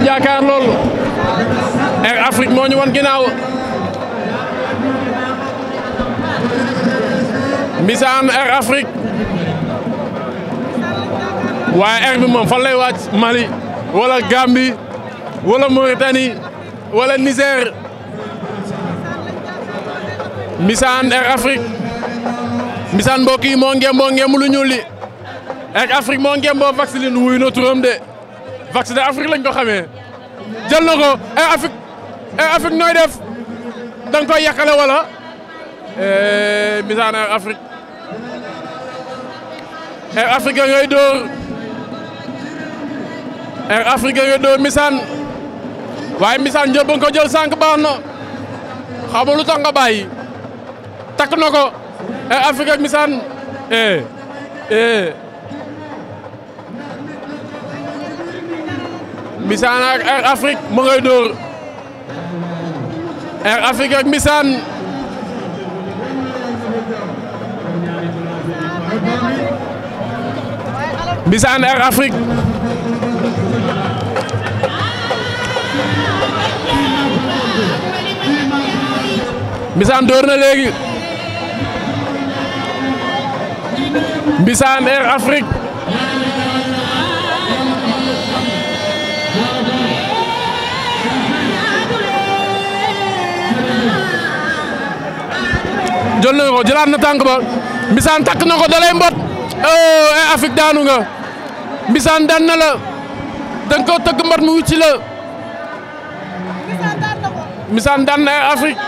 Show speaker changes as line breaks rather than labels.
ñu jaakaar lool Air Afrique moo ñu won mbisaan Air Afrique waaye air bi moom fan lay wàcc Mali wala Gambie wala Mauritanie wala Niger mbisaan Air Afrique mbisaan mbokk yi moo ngem boo ngem lu ñuul li Air moo ngem boo vaseline wuy na turam de vacciné Afrique lañ ko xamee jël na ko ay eh, Afrique ay eh, Afrique nooy def da nga koy yàqale wala eh, misaana Afrique ay Afrique yooyu dóor ay Afrique yooyu dóor misaan waaye misaan jël ba nga ko jël sànq baax na xaw ma lu tax nga bàyyi takk na ko ay Afrique misaan eh eh. Missane ak Air Afrique dóor Air Afrique ak Missane Missane Air jël na ko jëlaat na tànk ba Mbissane takk na ko dalay mbot oh eh Afrique daanu nga Mbissane daan la danga ko tëgg mbot mu wucci la Mbissane daan na Afrique.